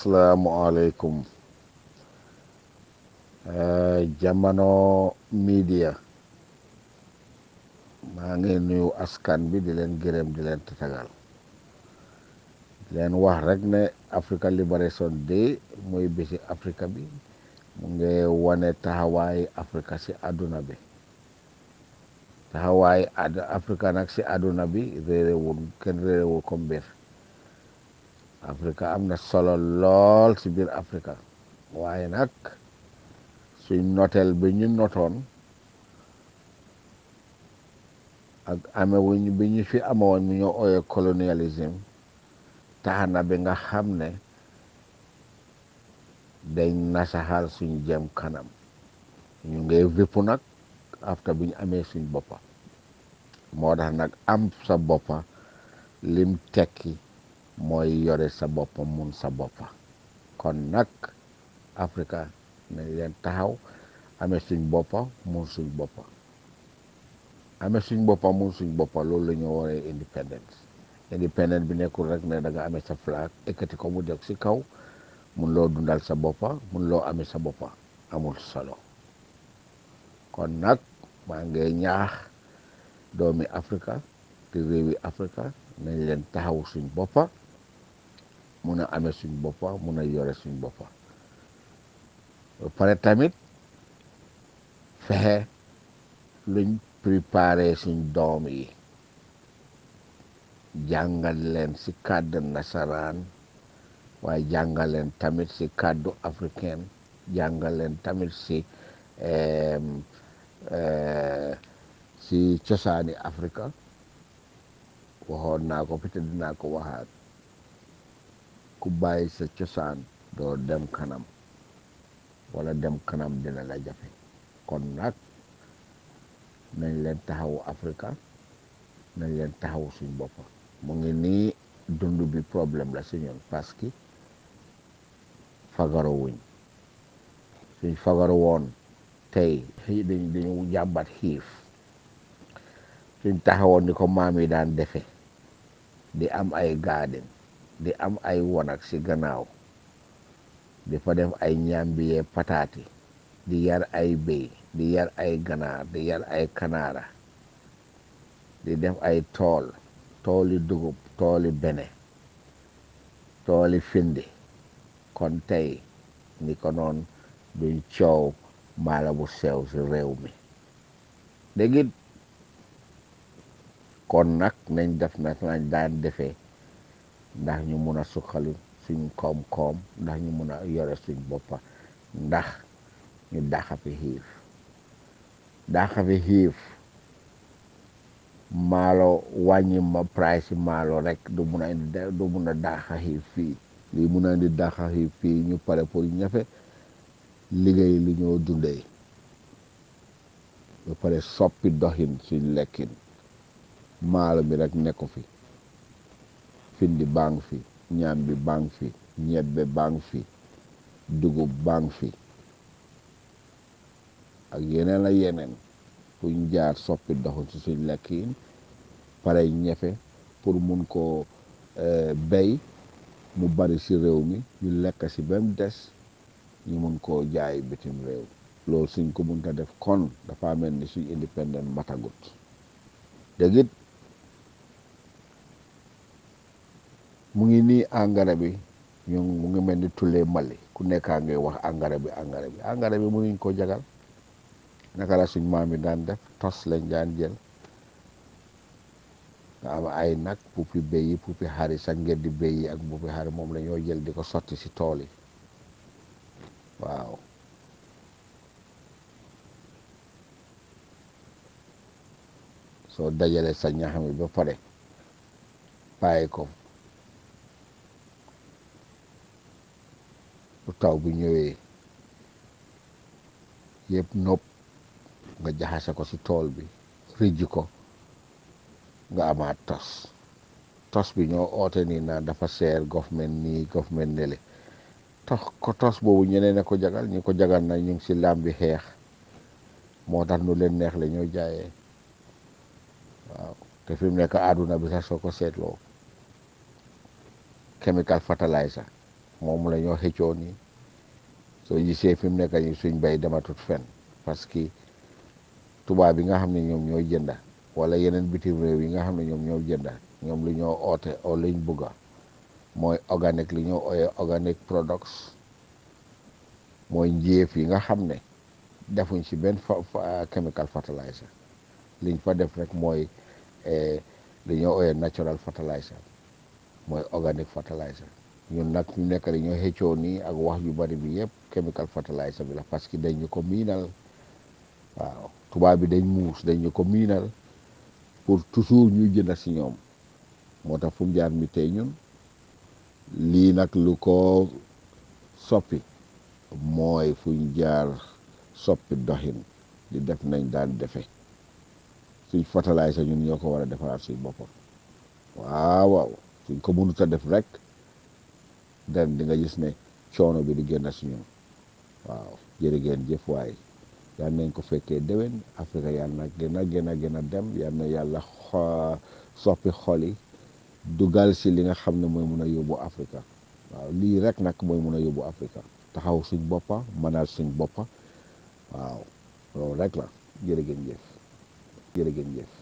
asalaamualeykum eh, Jamano Media ma ngi nuyu askan bi di len gërëm di len tatagal di wax rek ne Africa Liberation Day moy bési Africa bi mu ngi wone Afrika Africa si aduna bi ada Africa naksi ci aduna bi réerewul kenn réerewul Afrique am na solo lool ci biir Afrique waaye nag suñ noteel bi ñu notoon ak amewuñ bi ñu fi amewoon mu ñoo ooyee colonialisme tax na bi nga xam ne dañ nasaxal suñ jëm kanam ñu ngay vippu nag afta bi ñu amee suñ boppa moo tax nag am sa boppa lim tekki mooy yore sa boppam mun sa boppa kon nag Afrika nañ leen taxaw amee suñ boppa mun suñ boppa amee suñ boppa mun suñ boppa loolu la ñu waree indépendance indépendance bi nekkul rek ne daga amee sa flag ekkati ko mu deg si kaw mun loo dundal sa boppa mun loo amee sa boppa amul solo kon nag maa ngi ñaax doomi Afrika te réewi Afrika nañ leen taxaw suñ boppa mun a ame suñ boppa mun a yore suñ boppa pare tamit fexe luñ préparé suñ doom yi jàngal leen si kàddu nasaraan waaye jàngal leen tamit si kàddu africain jàngal leen tamit si si eh, cosaani Afrika waxoon na ko fi te dinaa ko waxaat ku bàyyi sa cosaan doo dem kanam wala dem kanam dina la jafe kon nag nañ leen taxawu Afrika nañ leen taxawu suñ bopp mu ngi nii dund problème la si ñun parce que fagaro wuñ suñ fagaro woon tey xii dañ dañu jàmbat xiif suñ taxawoon ni ko maam yi daan defe di am ay gaaden di am ay wanag ci gannaaw di fa def ay ñambiyee pataati di yar ay béy di yar ay ganaar di yar ay kanaara di def ay tool tooli dugub tooli bene tooli findi kon tey ni konoon noon duñ coow maala bu sew si réew mi dégit kon nag nañ def nag nañ daan defee ndax ñu mun a suqali suñ koom-koom ndax ñu mun a yore suñ boppa ndax ñu daxafi xiif daxafi xiif maalo wàññi ma price maalo rek du mun a indi du mun fii lii mun a indi daxa xiif fii ñu pare pour ñafe liggéey lu ñoo dundee ba pare soppi doxin suñ lekkin maalo mi rek nekku fi findi baa fi ñaambi baa ngi fi ñebbe baa fi dugub baa fi ak yeneen a yeneen fuñ jaar soppi doxu ci suñ lekk pare ñefe pour mun koo eh, bey mu bari ci réew mi ñu lekk ci benn des ñu mun koo jaay bitim réew loolu suñ ko mun ta def kon dafa mel ni suñ indépendant matagut dëggit mu ngi ni engrais bi ñu mu ngi melni tulé malé ku nekk ngay wax engrais bi engrais bi engrais bi ngi ko jagal naka la suñu daan def tos lañ daan jël nga am ay nag pupi beyi pupi xari sa ngeen di ak pupi xari moom la jël di sotti si tool yi waaw so dajale sa ñaxami ba pare bàyyi ko taw bi ñëwee yëpp nopp nga jaxase ko ci tool bi rijji ko nga amaat tos tos bi ñoo oote nii naa dafa seer government nii government nele tos ko tos boobu ñeneen ne ko jagal ñu ko jagal na ñu ngi ci làmbi xeex moo tax nu leen neex la ñoo jaaye waaw te fi mu nekk àdduna bi soo ko seetloo chemical fertilizer moom la ñoo xëccoo ni soo gisee fi mu nekk suñ bay dematut fen parce que tubaab yi nga xam ne ñoom ñoo jënda wala yeneen bitim réew yi nga xam ne ñoom ñoo jënda ñoom lu ñoo oote o liñ bëgga mooy organique li ñoo ooyee organique products mooy njiyeef yi nga xam ne defuñ ci benn chemical fertilizer liñ fa def rek mooy eh, li ñoo ooyee natural fertilizer mooy organique fertilizer ñun nag ñu nekk dañoo xëccoo nii ak wax yu bari bi yëpp chemical fertilizer bi la parce que dañ ñu ko miinal waaw tubaab bi dañ muus dañ ñu ko miinal pour toujours ñu jënd si ñoom moo tax fu mu jaar mi tey ñun lii nag lu ko soppi mooy fu ñu jaar soppi doxin di def nañ daan defe suñ fertilizer ñun ñoo ko war a defaraat suñ boppam waaw waaw suñ ko mënut a def rek. dem di nga gis ne coono bi di génn si ñun waaw jërë jëf waaye yal nañ ko fekkee déwén Afrique yal na gën a gën a gën a dem yal na yàlla soppi xol yi dugal si li nga xam ne mooy mun a yóbbu Afrique waaw lii rek nag mooy mun a yóbbu Afrique taxaw suñ boppa mënaat suñ boppa waaw loolu rek la jërë jëf